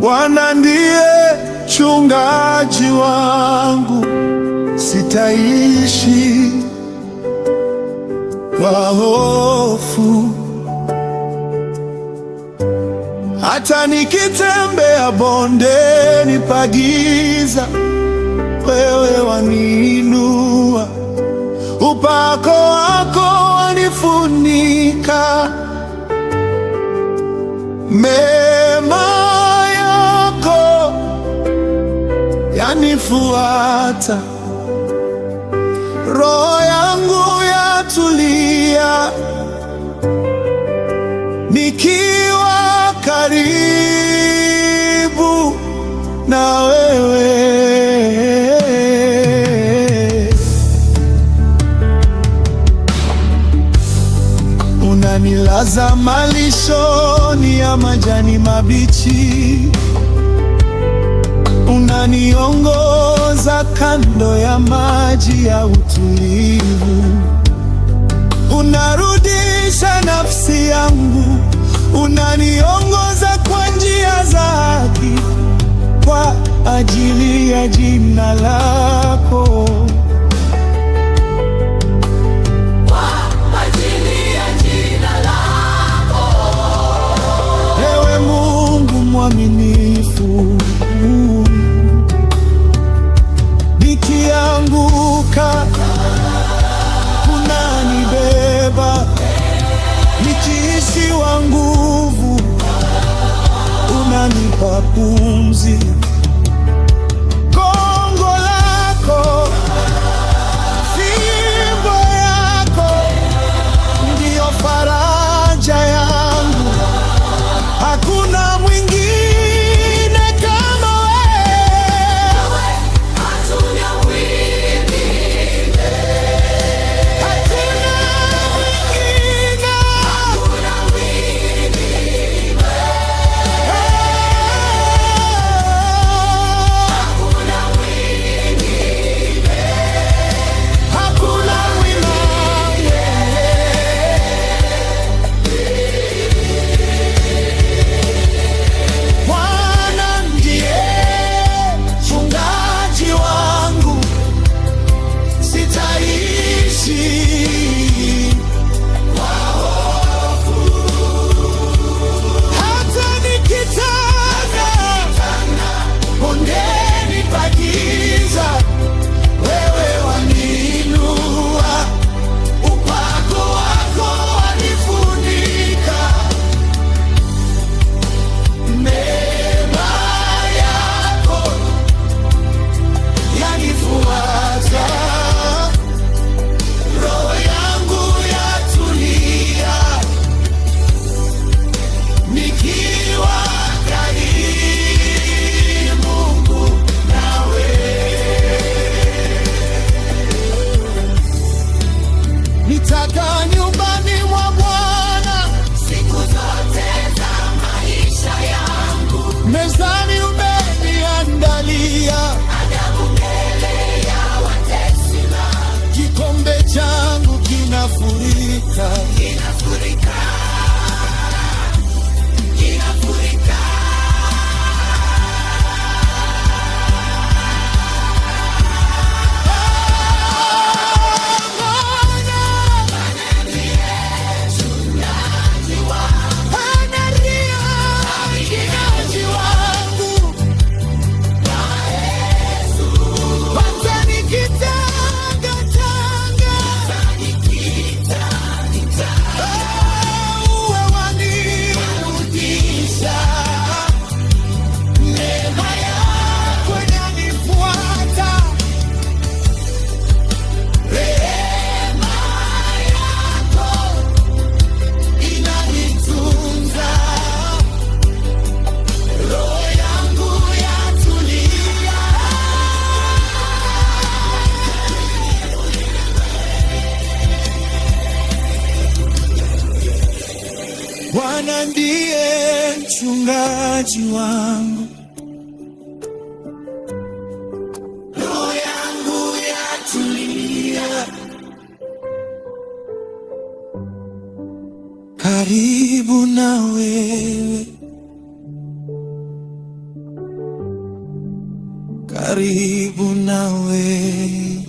Bwana ndiye chungaji wangu, sitaishi kwa hofu. Hata nikitembea bondeni pa giza, wewe waniinua, upako wako wanifunika Me yanifuata, roho yangu yatulia, nikiwa karibu na wewe, unanilaza malishoni ya majani mabichi uniongoza kando ya maji ya utulivu, unarudisha nafsi yangu, unaniongoza kwa njia za haki, kwa ajili ya jina lako. kwa pumzi Africa. In Africa. Bwana ndiye mchungaji wangu, roho yangu yatulia, karibu na wewe, karibu na wewe